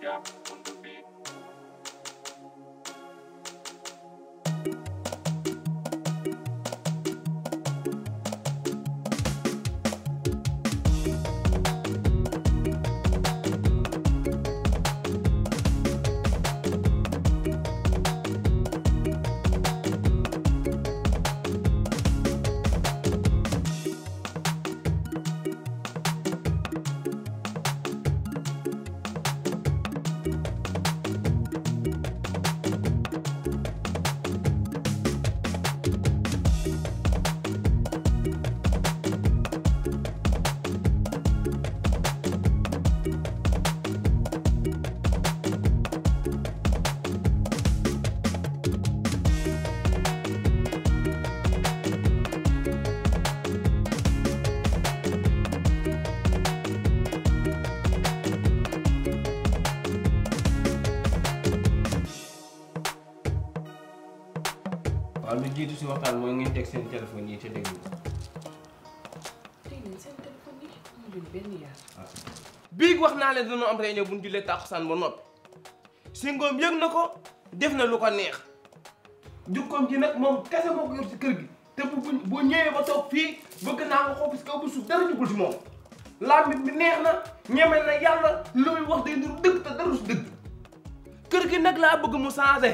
Yeah. jiitu si teg seen téléphone yi te déglu. Ah. biig wax naa leen dañoo am réunion bu ñu jullee tàkkusaan ba noppi Singom yëg na ko def na lu ko neex jukkoom ji nag moom kese moo ko yor si kër gi te bu bu ñëwee ba toog fii bëgg naa ko xob si kaw bu suuf dara jugul si moom làmbit bi neex na ñeme na yàlla lu wax day ndur dëgg te dara su dëgg kër gi nag laa bëgg mu changé.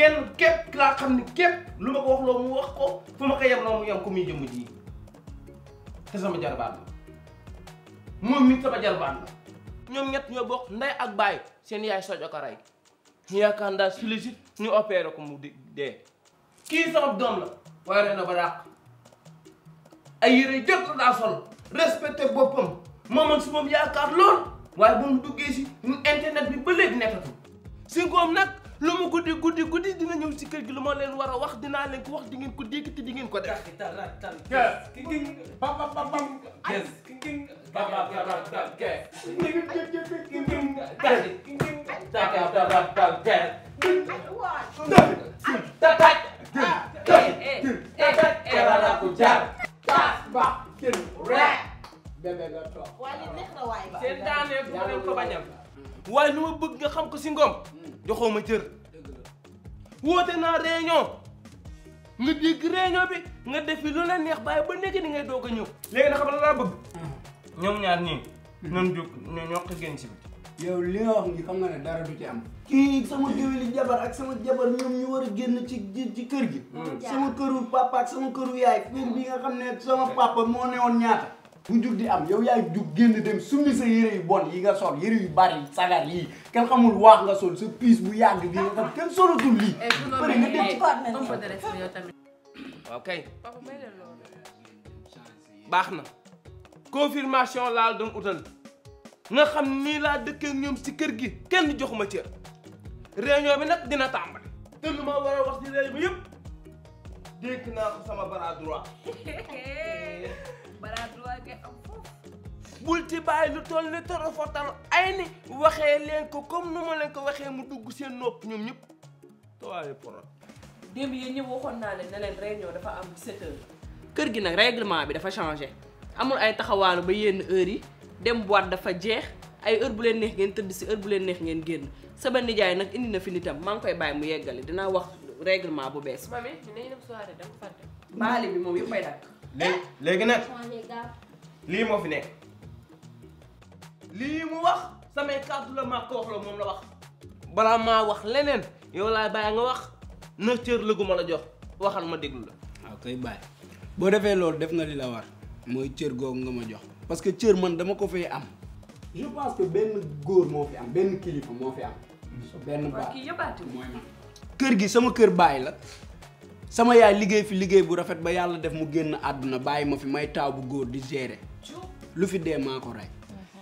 kenn képp laa xam ne képp lu ma ko wax loo mu wax ko fu ma ko yem loo mu yem ko muy jëmm ji te sama jarbaat la moom mi sama jarbaat la ñoom ñett ñoo bokk ndey ak baay seen yaay soj ak rey yaakaar naa si légit ñu opéré ko mu dee kii sama doom la waaye rek na ba dàq ay yére jot laa sol respecté boppam moom ak si moom yaakaar lool waaye bu mu duggee si internet bi ba léegi nekkatu si ngoom nag lu mu guddi guddi dina ñëw ci kër gi lu ma leen war a wax dinaa leen ko wax di ngeen ko dégg te di ngeen ko def. bébé nga toog. waaye neex na waay. seen daaneel bu ma leen ko waaye lu ma bëgg nga xam ko si ngoom joxoo ma cër woote naa réunion nga dégg réunion bi nga defi lu la neex bàyyi ba nekk ni ngay doog a ñëw léegi na xam la laa bëgg ñoom ñaar ñii nan jóg ñoo ñoq génn li nga wax xam nga ne dara du ci am kii sama géwéli jabar ak sama jabar ñoom ñu war a génn ci ci kër gi hmm. sama këru papa ak sama këru yaay kër bi nga xam ne sama papa moo newoon ñaata bu njug di am yow yaay jug génn dem summi sa yére yu bon yi nga sol yére yu bari sagar yi kenn xamul waax nga bu yàgg bi nga xam kenn solatul eh, dem baax na confirmation laal doon utal nga xam nii laa dëkkee ñoom ci kër gi kenn joxuma cër réunion bi nag dina tàmbali te lu ma war a wax ci réunion bi yëpp dégg naa ko sama bara bul ci bàyyi lu toll ni torofatal ay ni waxee leen ko comme nu ma leen ko waxee mu dugg seen nopp ñoom ñëpp tawaayu problème. démb yéen waxoon naa leen ne leen réunion dafa am 17 kër gi nag réglement bi dafa changé amul ay taxawaalu ba yenn heures yi dem waat dafa jeex ay heure bu leen neex ngeen tëdd si heure bu leen neex ngeen génn sama nijaay nag indi na fi nitam maa ngi koy bàyyi mu yeggale dinaa wax règlement bu bees. mami dinañ dem soirée bi moom yëpp ay dakk. léegi léegi lii moo fi nekk. lii mu wax samay kàddu la maa ko wax la moom la wax balaa maa wax leneen yow laay bàyyi nga wax na cër la la jox waxal ma déglu la. waaw ah, kay bàyyi boo defee loolu def nga li la war mooy cër googu nga ma jox parce que cër man dama ko fay am. je kilifa moo kër gi sama kër bàyyi la sama yaay liggéey fi liggéey bu rafet ba yàlla def mu génn àdduna bàyyi ma fi may taaw bu góor di gérer lu fi dee maa ko rey.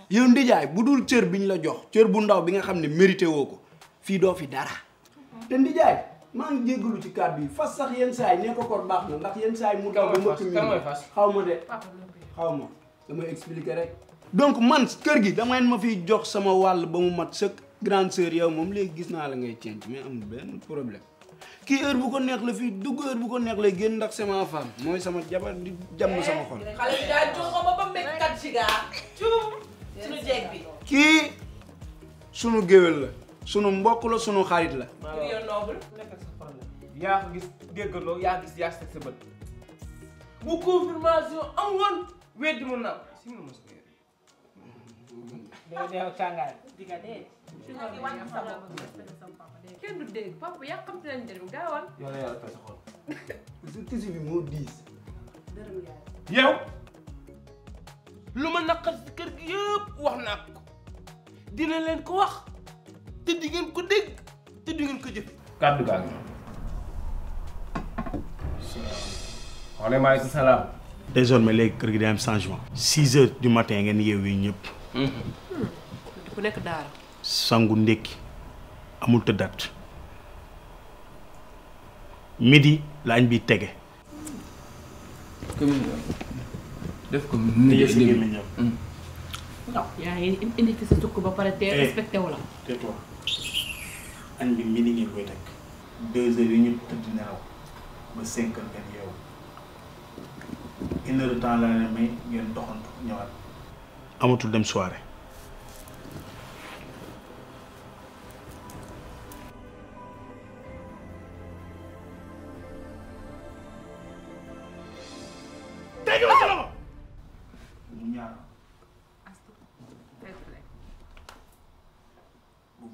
yow ndijaay bu dul cër bi ñu la jox cër bu ndaw bi nga xam ne mérité ko fii doo fi dara te ndijaay maa ngi jéggalu ci kàddu yi fas sax yenn saa yi nee ko kor baax na ndax yenn saa yi mu daw ba mbëkk mi xaw ma de xaw ma damay expliquer rek donc man kër gi damay ma fiy jox sama wàll ba mu mat sëkk grande sœur yow moom léegi gis naa la ngay cenc mais amul benn problème kii heure bu ko neex la fii dugg heure bu ko neex lay génn ndax sama femme mooy sama jabar di jàmm sama xol ko sunu jeeg bi kii sunu géwél la sunu mbokk la sunu xarit la. yaa ko gis déggaloo yaa gis yaa teg sa bët bu confirmation am nga mos da nga deew càngaay di nga dee kenn du yaa xam te nañ dem moo diis yow lu ma naqar kër gi yëpp wax naa ko dina leen ko wax te di ngeen ko dégg te di ngeen ko jëf kàddu gaa ngi waaleykum salaam désormais kër gi day am changement six heures du matin ngeen yeew mm-hmm. sangu ndékki amul tëddaat midi la añ bi tege def ko nii si gémmiñam waaw hmm. yaa ngi indi fi sa sukk ba pare te eh, respecté wu la. te toi añ bi midi koy teg deux heures yi ñu tëdd nelaw ba cinq heures ngeen yeewu une heure de laa ne may ngeen doxantu ñëwaat. amatul dem soirée.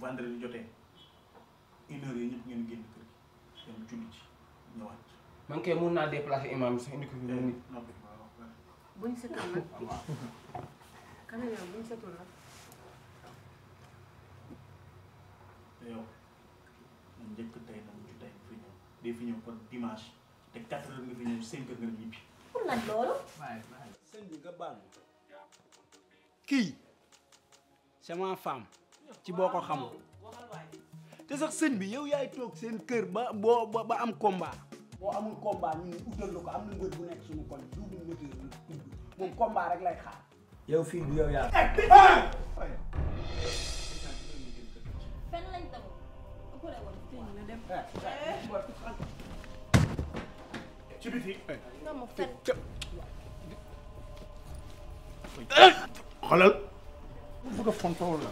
vendredi jotee une yi ñëpp ngeen génn kër gi man kay mun naa déplacer imam sax indi ko fi eh, nit. bu ñu setul nag. caméra bu ñu setul nag. te eh, yow njëkk tey nag ci tey fi ñëw day fi ñëw kon dimanche te quatre nga fi ñëw cinq heures nga ñibbi. pour lan loolu. kii c'est ma femme. ci boo ko xamul te sax sëñ bi yow yaay toog seen kër ba boo ba am combat. boo amul combat ñu ne utal la ko am na mbër bu nekk suñu kon duubu météo bi moom combat rek lay xaar. yow fii bi yow yaa. Eh, fenn lañ taw eh, eh, ci biti. xoolal. bu bëgg a fontoo la.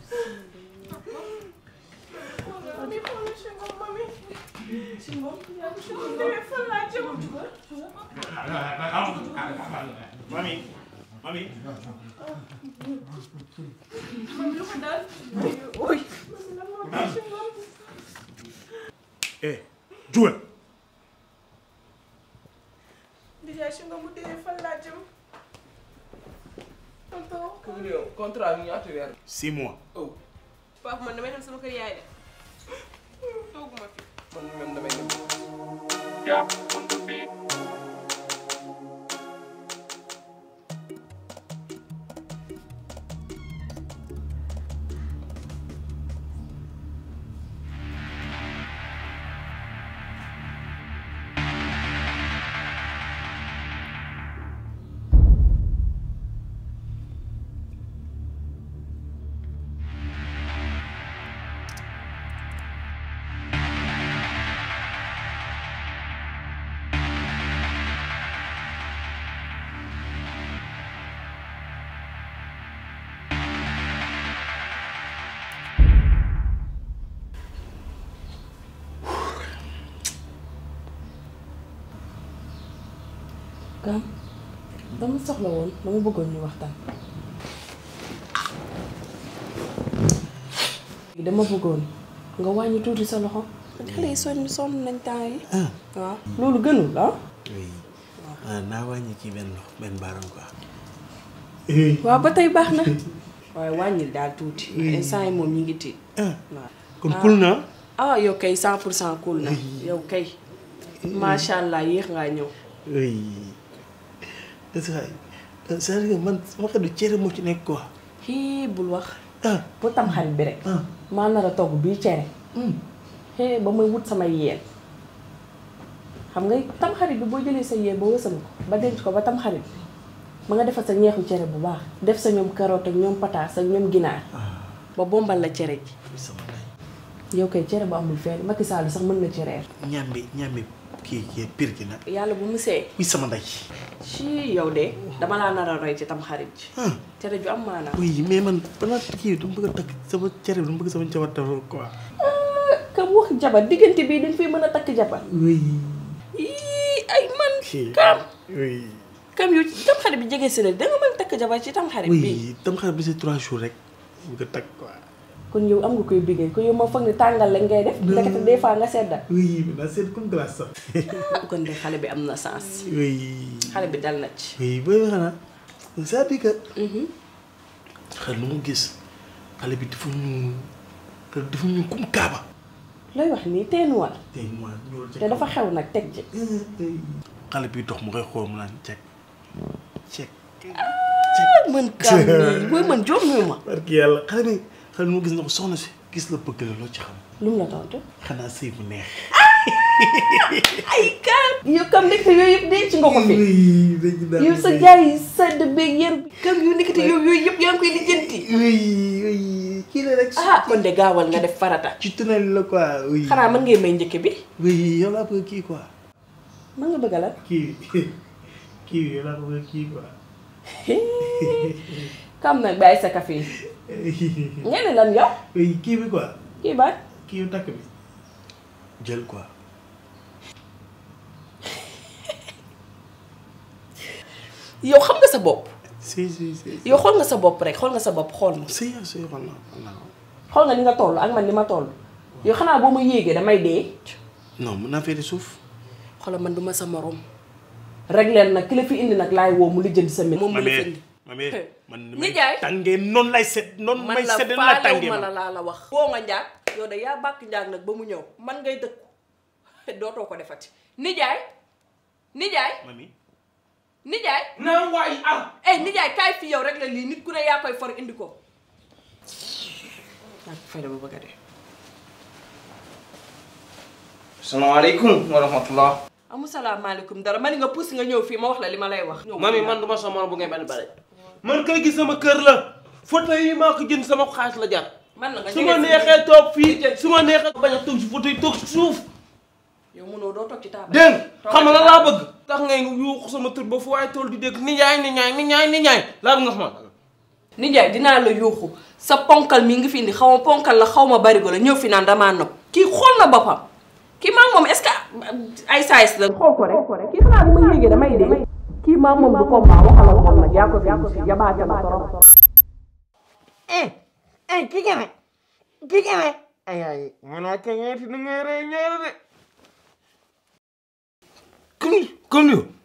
si moom. mami mami. eh jugal. déjà si moom bu dee fan laa jëm. tonton. contrat bi ñaata weer. six mois. oh. Pape man damay dem sama kër yaay de. tooguma fi. man man damay dem. Kan dama soxla woon dama bëggoon ñu waxtaan. dama bëggoon nga wàññi tuuti sa loxo. xale yi sonn sonn nañ temps yi. ah loolu gënul ah. ah wàññi ci benn eh. ba tey baax na. waaye wàññil daal tuuti. Eh. instant moom ñu ngi tiit. Ah. waaw kon kul naa. Ah. ah yow kay 100 pour cent kul na. Eh. yow kay. macha allah yéex ngaa ñëw. sa à man sama xel du cere moo ci nekk ko hii bul wax. Ah. bu tam xarit bi rek. Ah. maa nar a togg bii cere. Hmm. ba muy wut sama yéen. xam nga tam xarit bi boo jëlee sa yéen ba wësal ko ba denc ko ba tam xarit bi ma nga defal sa ñeexu cere bu baax. def sa ñoom carotte ak ñoom pataas ak ñoom ginaar. Ah. ba bombal la cere ji. yow kay cere bu amul fenn Macky Sall sax mën na ci reer. ñaam bi kii kii pire gi nag. yàlla bu mu see. kuy sama ndey. ci yow de dama laa nar a roy ci tam xarit ji. Hmm. ju am maanaam. oui mais man balaa kii du mu bëgg a takk sama cere du mu bëgg sama jabar dafa quoi. Ah, ka wax jabar diggante bii dañ fay mën a takk jabar. oui. ay man. kam oui. kam yow tam bi jege si la da nga mën takk jabar ci tam bi. oui tam xarit bi c'est trois jours rek bëgg a takk quoi. kon yow am nga koy bëggee ko yow ma foog ne tàngal lañ ngay def. ndekete des fois nga sedda. oui mais naa sedd kon de xale bi am na sens. oui. xale bi dal na ci. oui booy mhm. lu mu gis xale bi dafa ñu dafa ñu kum xew nag teg ci. Eh, bi dox mu koy xool ah, man kàmm yi ma. parce yàlla xale bi. xel mu gis na ko soxna si gis la bëgg la loo ci xam. lu mu la tontu. xanaa sëy bu neex. Ah! ay kaam. yow kam nekk yooyu yëpp denc nga ko yi yëpp yaa ngi koy lijjanti. kii la rek. ah kon def farata. ci tunnel la ngay may njëkk bi. oui yow laa bëgg kii quoi. mën nga bëgg la. kii kam nag bàyyi sa café yi. ngeen ne lan yow. quoi. ba. kii takk bi. yow xam nga sa bopp. sii si si. yow xool nga sa bopp rek xool nga sa bopp xool si si xool naa xool nga li nga toll ak man li ma toll. yow xanaa boo ma yéegee damay dee. non mun naa féete suuf. xoolal man du ma sa moroom rek leen nag kila la fi indi nag laay woo mu lijjanti sa mbir. moom mu la fi mami man ni jaay tàngee noonu lay sedd noonu may sedd la tàngee man la laa la wax boo nga njaag yow de yaa bàkk njaag nag ba mu ñëw man ngay dëkku dootoo ko defati nijaay nijaay mami nijaay na waay am eh nijaay kaay fi yow rek la lii nit ku ne yaa koy for indi ko fay dama bëgg a dee salaamaaleykum wa rahmatullah amu salaamaaleykum dara ma ni nga puus nga ñëw fii ma wax la li ma lay wax mami man du ma sa bu ngay benn bale man kay gis sama kër la fauteuil yi maa ko sama xaalis la jar. man la su ma neexee toog fii su ma neexee bañ a toog toog suuf. yow doo toog xam nga laa bëgg. tax ngay yuuxu sama tur ba fu waaye tool di dégg ni ñaay ni ñaay ni ñaay ni ñaay laa bëgg nga xam ni Ndiaye dinaa la yuuxu sa ponkal mi ngi fi indi xaw ma ponkal la xaw ma barigo la ñëw fi naan damaa nopp kii xool na boppam kii maa moom est-ce que ay la xool ko rek kii xanaa bu ma yéegee damay dee kii maa moom du combat waxala waxal ma jaa ko fi si jabaate ma torop eh eh Pikine Pikine ay ay mënaa ko ngooti nu ngay rey ñaari de comme